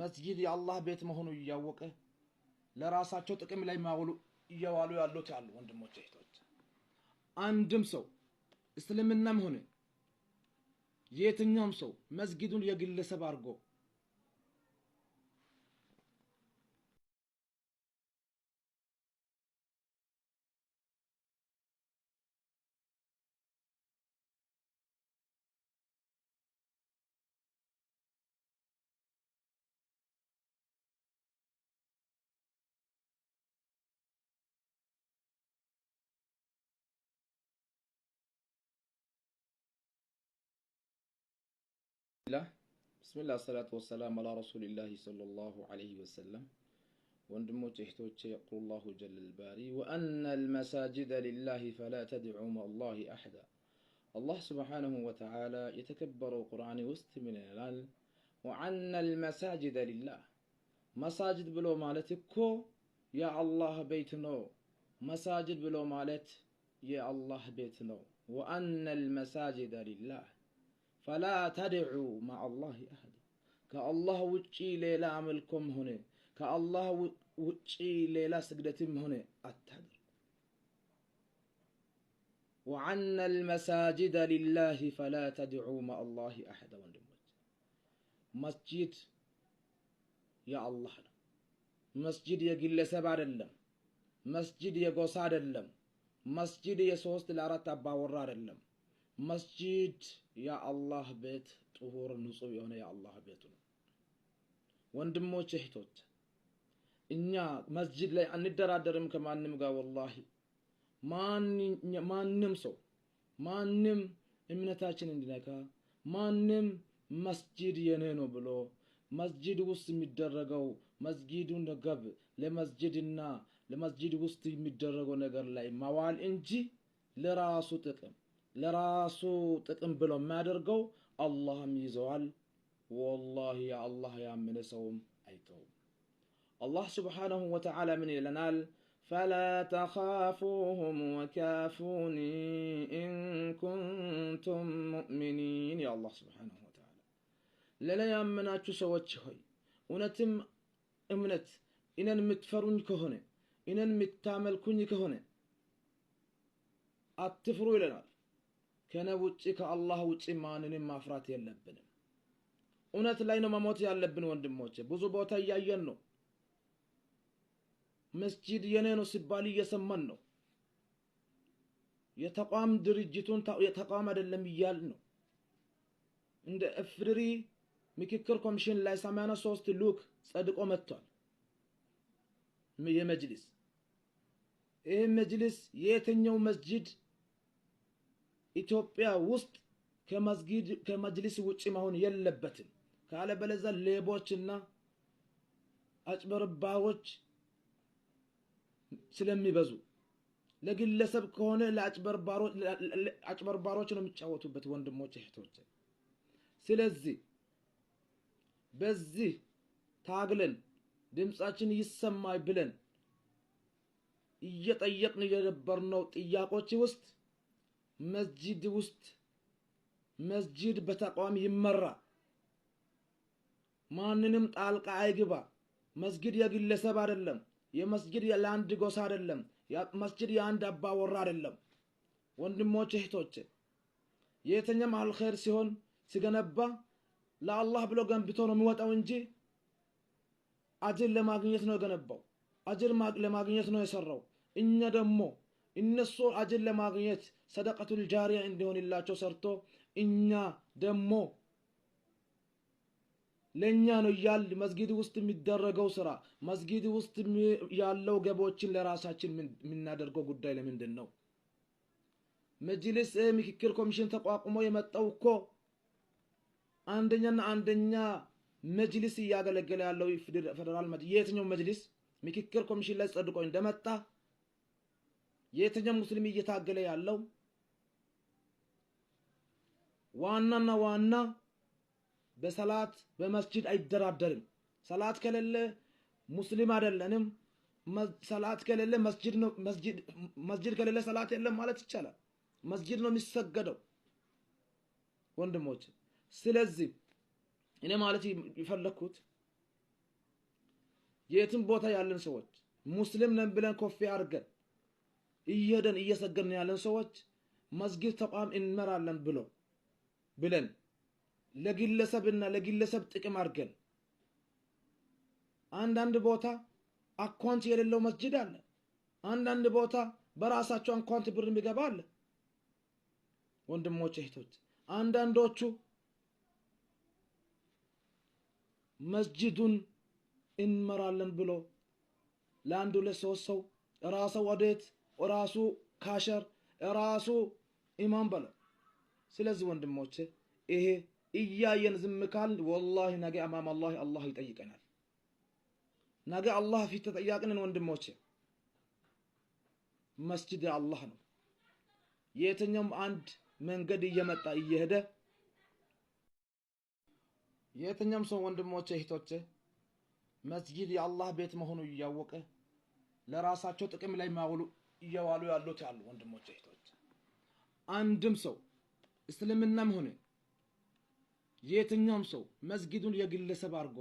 መስጂድ የአላህ ቤት መሆኑ እያወቀ ለራሳቸው ጥቅም ላይ ማውሉ እየዋሉ ያሉት ያሉ ወንድሞች እህቶች፣ አንድም ሰው እስልምናም ሆነ የትኛውም ሰው መስጊዱን የግለሰብ አድርጎ الله بسم الله الصلاة والسلام على رسول الله صلى الله عليه وسلم وندمو تحتوش يقول الله جل الباري وأن المساجد لله فلا تدعوا مع الله أحدا الله سبحانه وتعالى يتكبر القرآن وسط من الهلال وعن المساجد لله مساجد بلو مالتكو يا الله بيتنو مساجد بلو مالت يا الله بيتنو وأن المساجد لله ፈላ ተድዑ ማአላህ አህድ ከአላህ ውጪ ሌላ አምልኮም ሆነ ከአላህ ውጪ ሌላ ስግደትም ሆነ አታድር وعنا المساجد لله فلا تدعوا مع الله أحد ወንድሞች መስጂድ የአላህ ነው መስጂድ የግለሰብ አይደለም መስጅድ የጎሳ አይደለም መስጅድ የሶስት ለአራት አባወራ አይደለም መስጂድ የአላህ ቤት ጥሁር ንጹህ የሆነ የአላህ ቤት ነው። ወንድሞች እህቶች፣ እኛ መስጂድ ላይ አንደራደርም ከማንም ጋር ወላሂ። ማንም ሰው ማንም እምነታችን እንዲነካ ማንም መስጂድ የኔ ነው ብሎ መስጂድ ውስጥ የሚደረገው መስጊዱን ገብ ለመስጂድና ለመስጂድ ውስጥ የሚደረገው ነገር ላይ መዋል እንጂ ለራሱ ጥቅም ለራሱ ጥቅም ብሎ የሚያደርገው አላህም ይዘዋል ወላሂ አላህ ያመነ ሰውም አይተውም አላህ ስብሓንሁ ወተዓላ ምን ይለናል فلا تخافوهم وكافوني إن كنتم مؤمنين يا الله سبحانه وتعالى للا يامناتشو سواتشهي ونتم እምነት ኢነን የምትፈሩኝ ከሆነ ኢነን የምታመልኩኝ ከሆነ አትፍሩ ይለናል ከነብ ውጭ ከአላህ ውጭ ማንንም ማፍራት የለብንም። እውነት ላይ ነው መሞት ያለብን ወንድሞች። ብዙ ቦታ እያየን ነው። መስጂድ የኔ ነው ሲባል እየሰማን ነው። የተቋም ድርጅቱን የተቋም አይደለም እያል ነው። እንደ እፍድሪ ምክክር ኮሚሽን ላይ 83 ሉክ ጸድቆ መጥቷል። የመጅሊስ ይህ መጅሊስ የየትኛው መስጂድ ኢትዮጵያ ውስጥ ከመስጊድ ከመጅሊስ ውጭ መሆን የለበትም። ካለበለዚያ ሌቦችና አጭበርባዎች ስለሚበዙ ለግለሰብ ከሆነ ለአጭበርባሮች ነው የሚጫወቱበት። ወንድሞች እህቶች፣ ስለዚህ በዚህ ታግለን ድምፃችን ይሰማይ ብለን እየጠየቅን የነበርነው ጥያቄዎች ውስጥ መስጂድ ውስጥ መስጂድ በተቋም ይመራ። ማንንም ጣልቃ አይግባ። መስጊድ የግለሰብ አይደለም። የመስጊድ ለአንድ ጎሳ አይደለም። መስጊድ የአንድ አባወራ አይደለም። ወንድሞች እህቶች፣ የትኛም አልኸይር ሲሆን ሲገነባ ለአላህ ብሎ ገንብቶ ነው የሚወጣው እንጂ አጅር ለማግኘት ነው የገነባው። አጅር ለማግኘት ነው የሰራው። እኛ ደግሞ እነሱ አጅር ለማግኘት ሰደቀቱል ጃሪያ እንዲሆንላቸው ሰርቶ እኛ ደሞ ለእኛ ነው እያል መስጊድ ውስጥ የሚደረገው ስራ መስጊድ ውስጥ ያለው ገቦችን ለራሳችን የምናደርገው ጉዳይ ለምንድን ነው? መጅልስ ምክክር ኮሚሽን ተቋቁሞ የመጣው እኮ አንደኛና አንደኛ መጅልስ እያገለገለ ያለው ፌዴራል የትኛው መጅልስ ምክክር ኮሚሽን ላይ ጸድቆ እንደመጣ የየትኛው ሙስሊም እየታገለ ያለው ዋናና ዋና በሰላት በመስጅድ አይደራደርም። ሰላት ከሌለ ሙስሊም አይደለንም። ሰላት ከሌለ መስጂድ ነው መስጂድ መስጂድ ከሌለ ሰላት የለም ማለት ይቻላል። መስጅድ ነው የሚሰገደው ወንድሞች። ስለዚህ እኔ ማለት የፈለኩት የትም ቦታ ያለን ሰዎች ሙስሊም ነን ብለን ኮፊያ አድርገን እየሄደን እየሰገድን ያለን ሰዎች መስጊድ ተቋም እንመራለን ብሎ ብለን ለግለሰብና ለግለሰብ ጥቅም አድርገን አንዳንድ ቦታ አካውንት የሌለው መስጅድ አለ። አንዳንድ ቦታ በራሳቸው አካውንት ብር የሚገባ አለ። ወንድሞች እህቶች፣ አንዳንዶቹ መስጅዱን እንመራለን ብሎ ለአንድ ሁለት ሶስት ሰው ራሰው ወዴት ራሱ ካሸር ራሱ ኢማም በለው። ስለዚህ ወንድሞቼ ይሄ እያየን ዝም ካል ወላሂ ነገ አማም አላህ አላህ ይጠይቀናል። ነገ አላህ ፊት ተጠያቅንን ወንድሞቼ። መስጅድ አላህ ነው። የትኛውም አንድ መንገድ እየመጣ እየሄደ የትኛውም ሰው ወንድሞቼ እህቶች መስጂድ የአላህ ቤት መሆኑ እያወቀ ለራሳቸው ጥቅም ላይ ማውሉ እየዋሉ ያሉት ያሉ ወንድሞች እህቶች፣ አንድም ሰው እስልምናም ሆነ የትኛውም ሰው መስጊዱን የግለሰብ አድርጎ